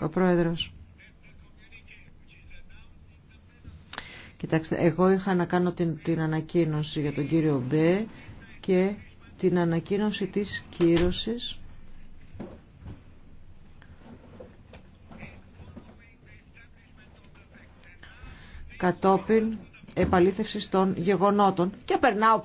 Ο Πρόεδρος. Κοιτάξτε, εγώ είχα να κάνω την, την ανακοίνωση για τον κύριο Μπέ και την ανακοίνωση της κύρωσης κατόπιν επαλήθευσης των γεγονότων και περνάω